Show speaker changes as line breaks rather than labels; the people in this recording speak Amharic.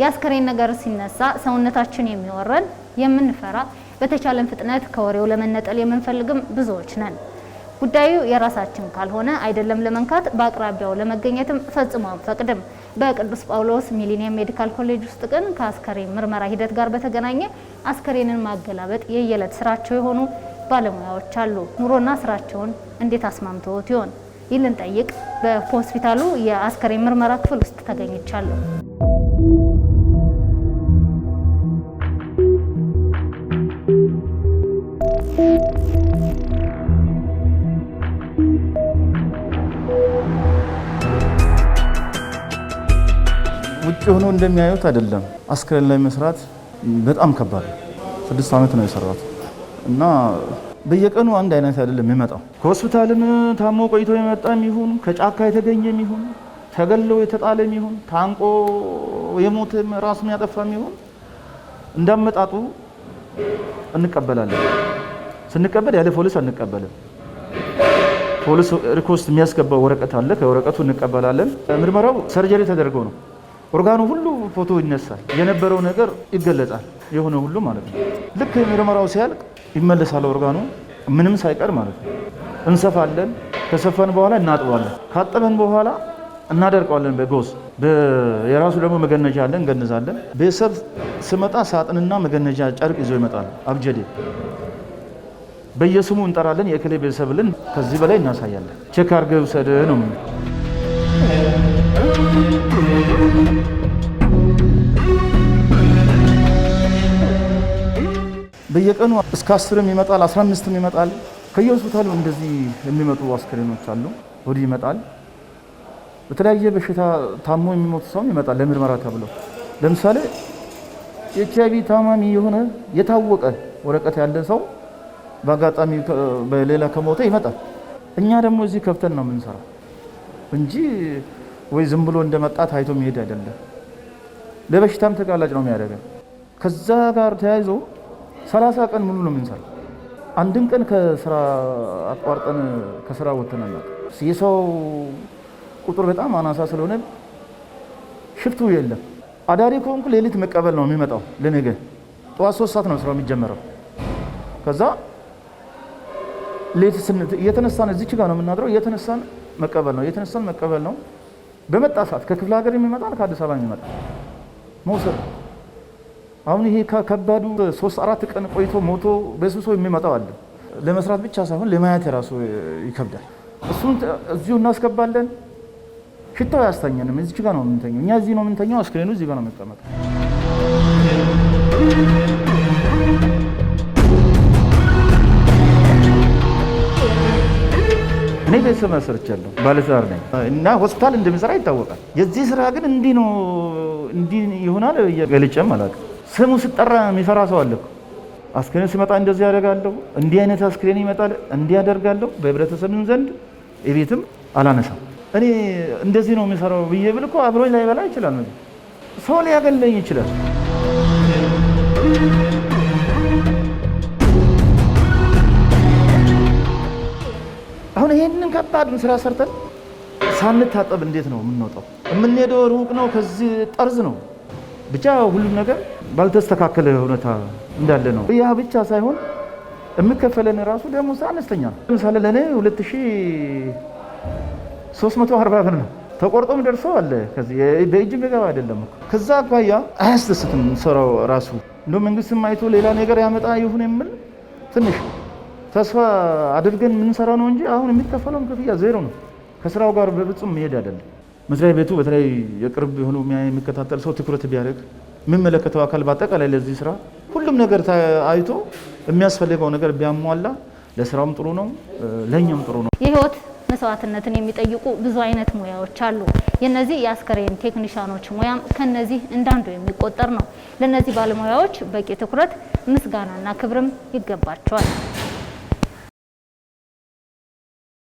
የአስከሬን ነገር ሲነሳ ሰውነታችን የሚወረን የምንፈራ በተቻለን ፍጥነት ከወሬው ለመነጠል የምንፈልግም ብዙዎች ነን። ጉዳዩ የራሳችን ካልሆነ አይደለም ለመንካት በአቅራቢያው ለመገኘትም ፈጽሞ አንፈቅድም። በቅዱስ ጳውሎስ ሚሊኒየም ሜዲካል ኮሌጅ ውስጥ ግን ከአስከሬን ምርመራ ሂደት ጋር በተገናኘ አስከሬንን ማገላበጥ የየዕለት ስራቸው የሆኑ ባለሙያዎች አሉ። ኑሮና ስራቸውን እንዴት አስማምተውት ይሆን? ይህ ልንጠይቅ በሆስፒታሉ የአስከሬን ምርመራ ክፍል ውስጥ ተገኝቻለሁ።
ውጭ ሆኖ እንደሚያዩት አይደለም። አስክሬን ላይ መስራት በጣም ከባድ ስድስት ዓመት ነው የሰራት እና በየቀኑ አንድ አይነት አይደለም የሚመጣው። ከሆስፒታልም ታሞ ቆይቶ የመጣ የሚሆን ከጫካ የተገኘ የሚሆን ተገሎ የተጣለ የሚሆን ታንቆ የሞት ራሱን ያጠፋ የሚሆን እንዳመጣጡ እንቀበላለን። ስንቀበል ያለ ፖሊስ አንቀበልም። ፖሊስ ሪኮስት የሚያስገባው ወረቀት አለ። ከወረቀቱ እንቀበላለን። ምርመራው ሰርጀሪ ተደርጎ ነው። ኦርጋኑ ሁሉ ፎቶ ይነሳል፣ የነበረው ነገር ይገለጻል፣ የሆነ ሁሉ ማለት ነው። ልክ ምርመራው ሲያልቅ ይመለሳል ኦርጋኑ ምንም ሳይቀር ማለት ነው። እንሰፋለን። ከሰፋን በኋላ እናጥባለን። ካጠበን በኋላ እናደርቀዋለን በጎስ የራሱ ደግሞ መገነጃ አለ፣ እንገንዛለን። ቤተሰብ ስመጣ ሳጥንና መገነጃ ጨርቅ ይዞ ይመጣል። አብጀዴ በየስሙ እንጠራለን። የእክሌ ቤተሰብ ልን ከዚህ በላይ እናሳያለን። ቼክ ውሰድ ነው በየቀኑ እስከ አስርም ይመጣል፣ አስራ አምስትም ይመጣል። ከየሆስፒታሉ እንደዚህ የሚመጡ አስክሬኖች አሉ። ወዲህ ይመጣል። በተለያየ በሽታ ታሞ የሚሞቱ ሰውም ይመጣል ለምርመራ ተብሎ። ለምሳሌ ኤች አይቪ ታማሚ የሆነ የታወቀ ወረቀት ያለ ሰው በአጋጣሚ በሌላ ከሞተ ይመጣል። እኛ ደግሞ እዚህ ከብተን ነው የምንሰራው እንጂ ወይ ዝም ብሎ እንደመጣ ታይቶ መሄድ አይደለም። ለበሽታም ተጋላጭ ነው የሚያደርገን። ከዛ ጋር ተያይዞ ሰላሳ ቀን ሙሉ ነው የምንሰራ አንድም ቀን ከስራ አቋርጠን ከስራ ወጥተናል። የሰው ቁጥር በጣም አናሳ ስለሆነ ሽፍቱ የለም። አዳሪ ከሆንኩ ሌሊት መቀበል ነው የሚመጣው። ለነገ ጠዋት ሶስት ሰዓት ነው ስራው የሚጀመረው። ከዛ ሌት እየተነሳን እዚች ጋር ነው የምናድረው። እየተነሳን መቀበል ነው፣ እየተነሳን መቀበል ነው። በመጣ ሰዓት ከክፍለ ሀገር የሚመጣ ከአዲስ አበባ የሚመጣ መውሰድ። አሁን ይሄ ከከባዱ ሶስት አራት ቀን ቆይቶ ሞቶ በስብሶ የሚመጣው አለ። ለመስራት ብቻ ሳይሆን ለማየት የራሱ ይከብዳል። እሱን እዚሁ እናስገባለን። ሽታው ያስተኛንም እዚህ ጋ ነው የምንተኘው። እኛ እዚህ ነው የምንተኘው። አስክሬኑ እዚህ ጋ ነው የሚቀመጠው። ቢዝነስ መስርቻለሁ፣ ባለትዳር ነኝ እና ሆስፒታል እንደሚሰራ ይታወቃል። የዚህ ስራ ግን እንዲህ ነው እንዲህ ይሆናል ገልጬም አላውቅም። ስሙ ስጠራ የሚፈራ ሰው አለ። አስክሬን ሲመጣ እንደዚህ ያደርጋለሁ፣ እንዲህ አይነት አስክሬን ይመጣል፣ እንዲህ ያደርጋለሁ። በህብረተሰብም ዘንድ የቤትም አላነሳም። እኔ እንደዚህ ነው የሚሰራው ብዬ ብል እኮ አብሮኝ ላይበላ ይችላል፣ ሰው ሊያገለኝ ይችላል። አሁን ይሄንን ከባዱን ስራ ሰርተን ሳንታጠብ እንዴት ነው የምንወጣው? የምንሄደው ሩቅ ነው፣ ከዚህ ጠርዝ ነው። ብቻ ሁሉም ነገር ባልተስተካከለ ሁኔታ እንዳለ ነው። ያ ብቻ ሳይሆን የምከፈለን ራሱ ደሞዝ አነስተኛ ነው። ለምሳሌ ለእኔ 2340 ብር ነው ተቆርጦም ደርሶ አለ። ከዚህ በእጅ ገባ አይደለም። ከዛ አኳያ አያስደስትም ሰራው ራሱ እንደ መንግስትም አይቶ ሌላ ነገር ያመጣ ይሁን የምል ትንሽ ተስፋ አድርገን የምንሰራው ነው እንጂ አሁን የሚከፈለው ክፍያ ዜሮ ነው። ከስራው ጋር በፍጹም መሄድ አይደለም። መስሪያ ቤቱ በተለይ የቅርብ የሆኑ የሚከታተል ሰው ትኩረት ቢያደርግ የሚመለከተው አካል በአጠቃላይ ለዚህ ስራ ሁሉም ነገር አይቶ የሚያስፈልገው ነገር ቢያሟላ ለስራውም ጥሩ ነው፣ ለእኛም ጥሩ ነው።
የህይወት መስዋዕትነትን የሚጠይቁ ብዙ አይነት ሙያዎች አሉ። የነዚህ የአስከሬን ቴክኒሻኖች ሙያም ከነዚህ እንዳንዱ የሚቆጠር ነው። ለነዚህ ባለሙያዎች በቂ ትኩረት ምስጋናና ክብርም ይገባቸዋል።